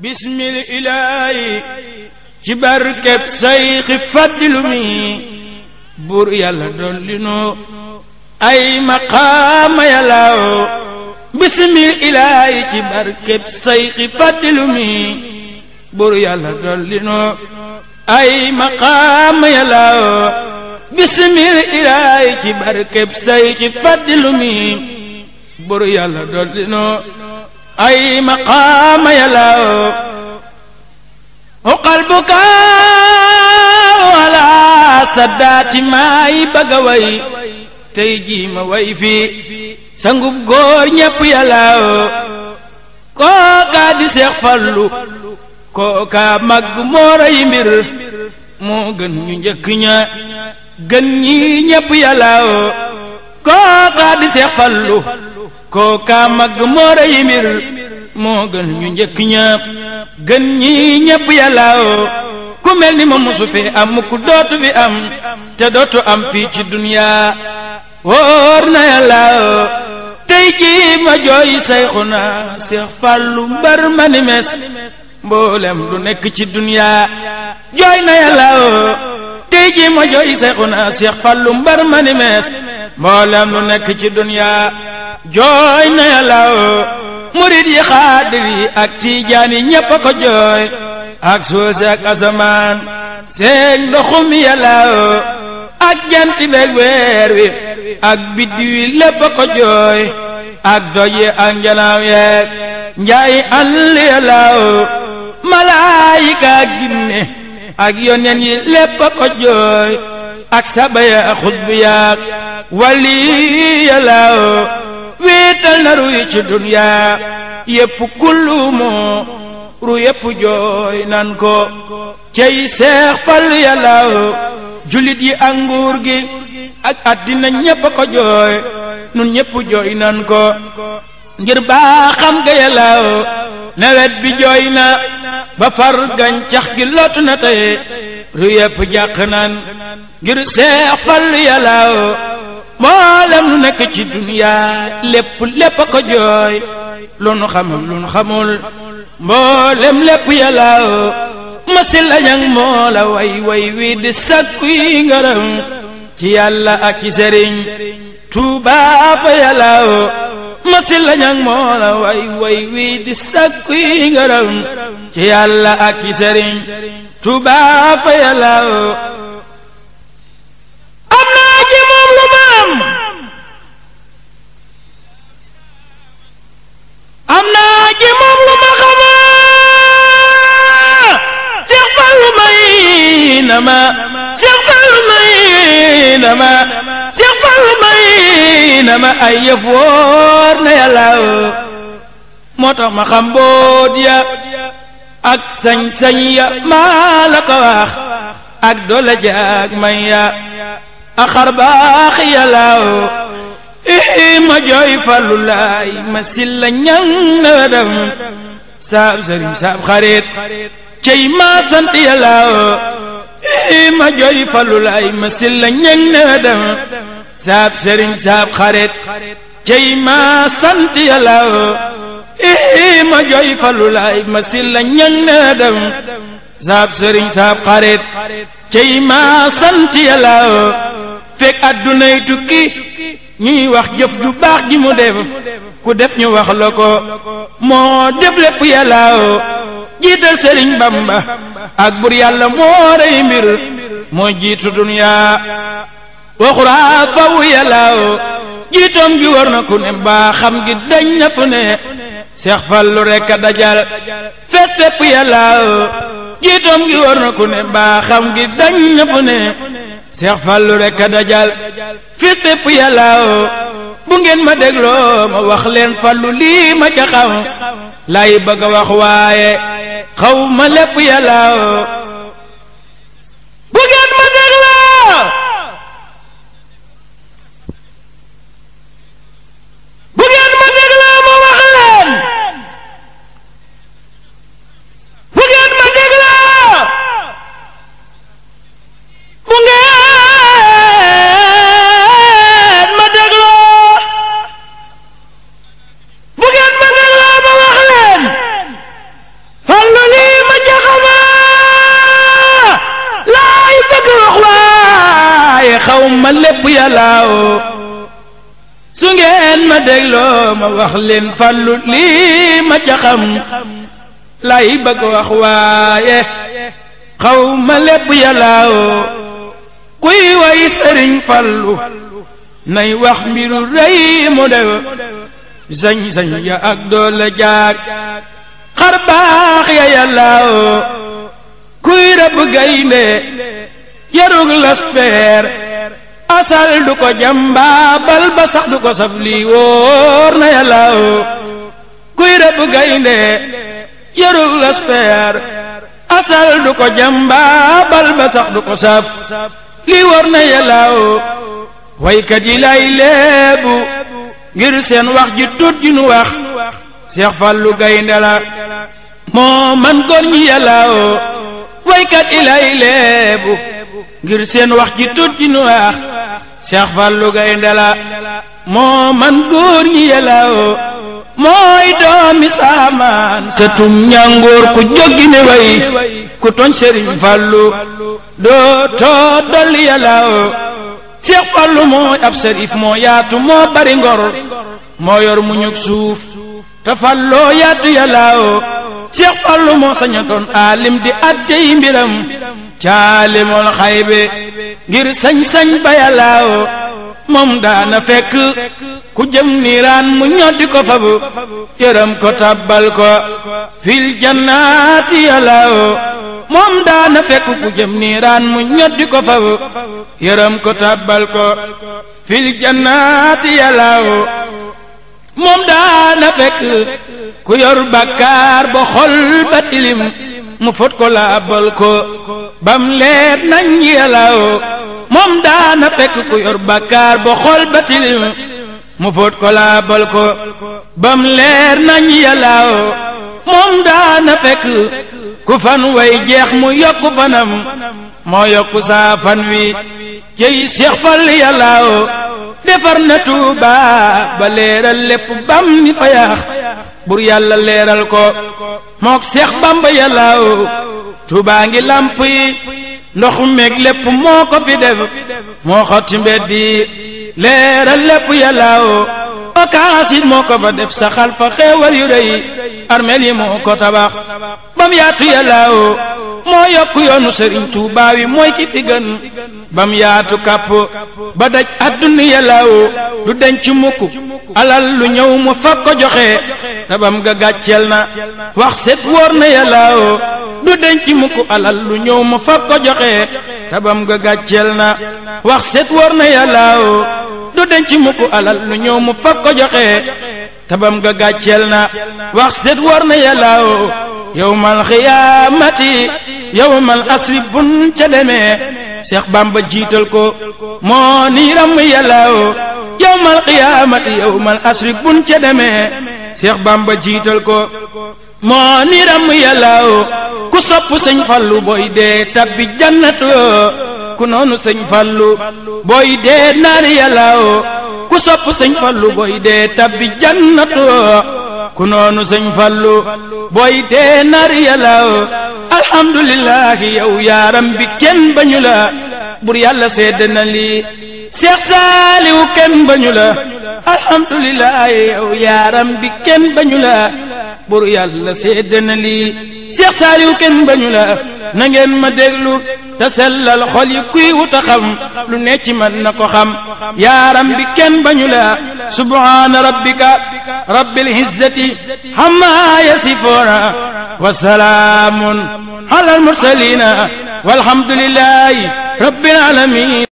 bismil ilaahi ci barkeb ay maqaama yàllaaw bismil ilaahi ci barkeb sayxi faddilu mi buur yàlla ay maqaama yàllaaw bismil ilaahi ci barkeb sayxi faddilu mi buur yàlla ay maqaama yalaw uqal bukaaw ala saddaati maay bëgg a way tey jii ma way fi sangub góor ñépp yalaw kookaa di seex fallu kookaa màgg moora yi mbir moo gën ñu njëkk gën ñi ñépp yalaw kookaa di seex fallu kooka mag moo rëy mbir moo gën ñu njëkk ñëpp gën ñi ñëpp yàllaawoo ku mel ni ma mosu fi am mukk dootu fi am te dootu am fii ci duniyaa wóor na yàllaawoo tey jii ma jooy sayxuna seex fàllu mbar ma ni mes mboolem lu nekk ci duniyaa jooy na yàllaawoo tey jii ma jooy sayxuna seex fàllu mbar ma ni mes mboolem lu nekk ci duniyaa jooy na yàllaw murit yi xaadir yi ak tiijaan yi ko jooy ak suusi ak asamaan seeg ndoxum yàllaw ak jant weer wi ak biddiw yi ko jooy ak doj yi ak njaayi àll yàllaw malaayika ak ginne ak yoneen yi ko jooy ak saba ya xutbu yaag wali yàllaw wiital na ruy ci duniyaa yépp kullu moo ru yépp ko cey seex fal yàlla jullit yi ak nguur gi ak àddina ñépp ko jooy nun ñépp jooy nan ko ngir baa ga yàlla nawet bi jooy na ba far gàncax gi lot na tey ru yépp nan ngir seex fal yàlla mboolem lu nekk ci duniyaa lépp lépp a ko jooy lu nu xam ak lu nu xamul mboolem lépp yàllaaw masi lañang moo la way way wi di sàkku yi ngërëm ci yàlla ak ci sëriñ tuubaa fa yàllaaw masi lañang moo way way wi di sàkku yi ngërëm ci yàlla ak ci sëriñ tuubaa fa نما سيغفر نما سيغفر نما أي يفور نيلاو موتا ما خمبوديا ak sañ-sañ ya maa la ko wax ak doole jaag may ya xar baax yàllaaw ii ma jooy fàllu laay ma silla ñaŋ na wedam saab sëriñ saab xarit cey maa sant yàllaaw i ma jooy falu lay ma silla ñeñ na dem saab sëriñ saab xarit cey ma sant yàlla i ma jooy falu lay ma silla ñeñ na dem saab sëriñ saab xarit cey ma sant yàlla fekk addunay tukki ñuy wax jëf ju baax ji mu def ku def ñu wax la ko moo def lépp yàlla jiital sëriñ bamba ak bur yàlla moo rey mbir moo jiitu duniyaa waxuraa faw yàllaaw jiitoom gi war na ku ne baa xam gi dañ ñëpp ne seex fallu rekk a dajal fépp fépp yàllaaw jiitoom gi war na ku ne baa xam gi dañ ñëpp ne seex fallu rekk dajal fépp fépp yàllaaw bu ngeen ma dégloo ma wax fallu lii ma ca lay bëgg wax waaye xaw ma lépp yàlla yow ma lépp yàllaaw su ngeen ma dégloo ma wax leen fàllu lii ma ca xam lay bëgg wax waaye xaw ma lépp yàllaaw kuy way sëriñ fàllu nay wax mbiru rëy mu dew sañ-sañ ya ak doole jaag xar baax ya yàllaaw kuy rëbb gaynde yarug laspeer asal du ko jàmba ba sax du ko saf lii wóor na yàlla kuy rëbb gaynde yarul aspeer asal du ko jàmba ba sax du ko saf lii na yàlla waykat yi lay leebu ngir seen wax ji tut ji nu wax Seex Fallu gaynde la moo man góor ñi yàlla waykat ilay leebu ngir seen wax ji tut ji nu wax Seex Fallu Gaynde la moo man góor ñi yelaw mooy doomi saamaan sëtum ñàngoor ku jóggi ne way ku toñ Sëriñ Fallu doo too dolli yelaw Seex Fallu mooy ab sërif moo yaatu moo bari ngor moo yor mu ñug suuf te falloo yaatu yelaw Seex Fallu moo saña doon aalim di àttey mbiram caalimul xaybe ngir sañ-sañ bayalaaw moom daana fekk ku jëm niiraan mu ñoddi ko fabu yërëm ko tabbal ko fil jannaati yalaaw moom daana fekk ku jëm niiraan mu ñoddi ko fabu yërëm ko tabbal ko fil jannaati yalaaw moom daana fekk ku yor bàkkaar ba xol ba tilim mu fot ko laabal ko bam leer nañ yalaw moom daana fekk ku yor bàkkaar ba xol ba tilim mu fot ko laabal ko bam leer nañ yalaw moom daana fekk ku fan way jeex mu yokku fanam moo yokk saa fan wi cey seex fal yalaw defar na tuuba ba leeral lépp bam ni fa yaax bur yàlla leeral ko mook seex bamba yàllaaw tubaa ngi làmp yi ndox meeg lépp moo ko fi def moo xotti mbedd yi leeral lépp yàllaaw okaasit moo ko fa def saxal fa xeewal yu rëy armeel yi tabax bam yaatu yàllaaw moo yokk yoonu sëriñ tuubaa wi mooy ki fi gën bam yaatu kàpp ba daj àdduna yàllaaw du denc alal lu ñëw mu fag ko joxe tabam ga gàcceel na wax set na yàlla o du denc mukk alal lu ñëw mu fag ko joxe tabam ga gàcceel na wax set wóor na yàlla o du denc mukk alal lu ñëw mu fag ko joxe tabam ga gàcceel na wax set wóor na yàlla o yawmal xiyaamati yawmal asri bun ca demee Seex Bamba jiital ko moo ni ram yàllaaw yawmal qiyaamati yawmal asri buñ ca demee Seex Bamba jiital ko moo ni ram yàllaaw ku sopp sëñ Fallu booy dee tabbi jannat ku noonu sëñ Fallu booy dee naari yàllaaw ku sopp sëñ Fallu booy dee tabbi jannat ku noonu sëñ fallu booy tee nar yàllaw alhamdulilahi yow yaaram bi kenn bañu la bur yàlla seede na lii seex saaliw kenn bañu la alhamdulilahi yow yaaram bi kenn bañu la bur yàlla seede na lii seex saaliw kenn bañu la na ngeen ma déglu te sellal xol yi kuy wuta xam lu ne ci man na ko xam yaaram bi kenn bañu la subhaana rabbika rabbil izzati amma yasifuna wa salaamun alal mursaliina walhamdulillahi rabbil aalamiin